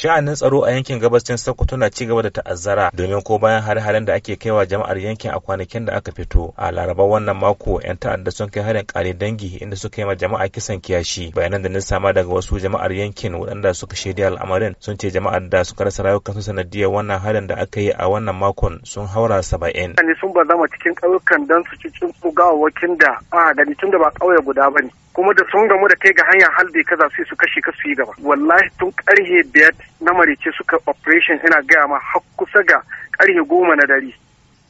sha'anin tsaro a yankin gabashin sokoto na ci gaba da ta'azzara domin ko bayan hare-haren da ake kaiwa jama'ar yankin a kwanakin da aka fito a laraba wannan mako yan ta'adda sun kai harin kare dangi inda suka yi ma jama'a kisan kiyashi bayanan da na sama daga wasu jama'ar yankin waɗanda suka shirya al'amarin sun ce jama'ar da suka rasa su sanadiyar wannan harin da aka yi a wannan makon sun haura saba'in. sun bazama cikin ƙauyukan don su ci su gawawakin da a gani tun da ba ƙauye guda ba ne. kuma da sun gamu da kai ga hanyar hal bai kaza sai su kashe ka su yi gaba wallahi tun karhe biyar na marice suka operation ina gaya ma har kusa ga karhe goma na dare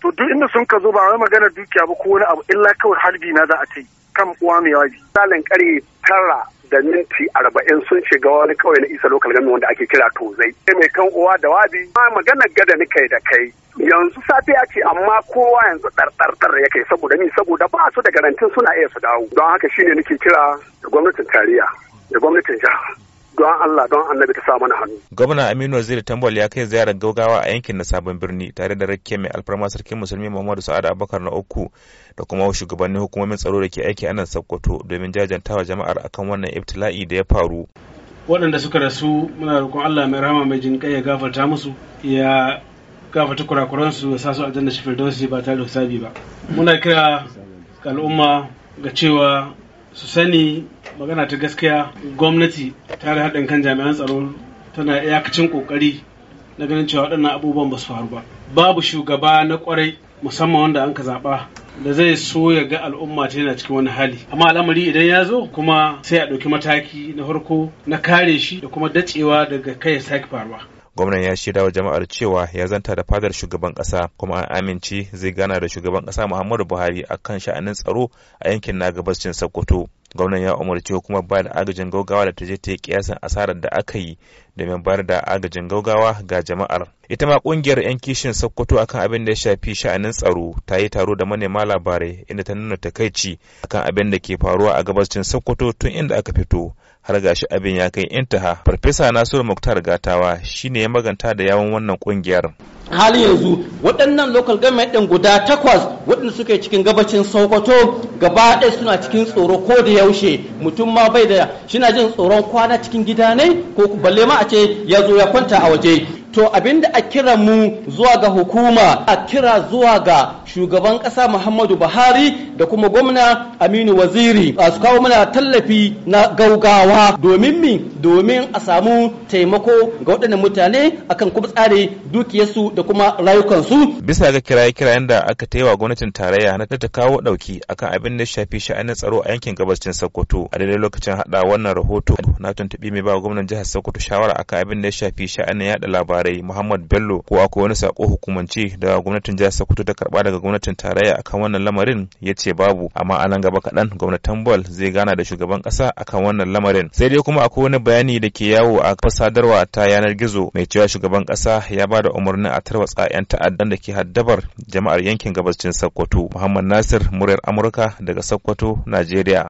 to duk inda sun ka zo ba wai magana dukiya ba ko wani abu illa kawai halbi na za a ta yi kan uwa mai wabi misalin karhe tara da minti arba'in sun shiga wani kawai na isa lokal gami wanda ake kira tozai sai mai kan uwa da wabi ma magana gada ni kai da kai yanzu safe safiya ce amma kowa yanzu ɗarɗarɗar ya kai saboda ni saboda ba su da garantin suna iya su dawo don haka shine nake kira da gwamnatin tarayya da gwamnatin jiha don Allah don annabi ta sa mana hannu. Gwamna Aminu Waziri Tambol ya kai ziyarar gaugawa a yankin na Sabon Birni tare da rakke mai alfarma sarkin musulmi Muhammadu Sa'ad Abubakar na uku da kuma shugabannin hukumomin tsaro da ke aiki a nan Sokoto domin jajantawa jama'ar akan wannan ibtila'i da ya faru. Waɗanda suka rasu muna roƙon Allah mai rahama mai jin ya gafarta musu ya gafarta kurakuransu ya sa su aljanna shi firdausi ba tare da hisabi ba. Muna kira ga al'umma ga cewa su sani magana ta gaskiya gwamnati ta da haɗin kan jami'an tsaro tana iyakacin ƙoƙari na ganin cewa waɗannan abubuwan ba su faru ba babu shugaba na ƙwarai musamman wanda an ka zaɓa da zai so ya ga al'umma ta yana cikin wani hali amma al'amari idan ya zo kuma sai a ɗauki mataki na farko na kare shi da kuma dacewa daga kai ya sake faruwa gwamnan ya shirya wa jama'ar cewa ya zanta da fadar shugaban kasa kuma an amince zai gana da shugaban kasa muhammadu buhari akan sha'anin tsaro a yankin na gabashin sokoto gwamnan ya umarci hukumar ba da agajin gaugawa da ta je ta yi kiyasin asarar da aka yi domin bayar da agajin gaugawa ga jama'ar ita ma kungiyar yan kishin sokoto akan abin da ya shafi sha'anin tsaro ta yi taro da manema labarai inda ta nuna takaici akan abin da ke faruwa a gabashin sokoto tun inda aka fito har gashi abin ya kai intaha farfesa nasiru muktar gatawa shine ya maganta da yawon wannan kungiyar Hali yanzu waɗannan local government ɗin guda takwas waɗanda suke cikin gabacin sokoto gaba ɗaya suna cikin tsoro ko da yaushe mutum ma bai da shina jin tsoron kwana cikin gida ne ko balle ma a ce ya zo ya kwanta a waje to abinda a kira mu zuwa ga hukuma a kira zuwa ga shugaban kasa Muhammadu Buhari da kuma gwamna Aminu Waziri a su kawo mana tallafi na gaugawa domin mi domin a samu taimako ga waɗannan mutane akan kuma tsare dukiyarsu da kuma rayukansu bisa ga kiraye-kirayen da aka taiwa gwamnatin tarayya na ta kawo ɗauki akan abin da shafi sha'anin tsaro a yankin gabashin Sokoto a daidai lokacin haɗa wannan rahoto na tuntuɓi mai ba gwamnan jihar Sokoto shawara akan abin da ya shafi sha'anin yaɗa labarai labarai Muhammad Bello ko akwai wani sako hukumance da gwamnatin jihar Sokoto ta karba daga gwamnatin tarayya akan wannan lamarin ya ce babu amma a nan gaba kaɗan gwamnatin Bol zai gana da shugaban kasa akan wannan lamarin sai dai kuma akwai wani bayani da ke yawo a fasadarwa ta yanar gizo mai cewa shugaban ƙasa ya ba da umarnin a tarwatsa 'yan ta'addan da ke haddabar jama'ar yankin gabashin Sokoto Muhammad Nasir muryar Amurka daga Sokoto Najeriya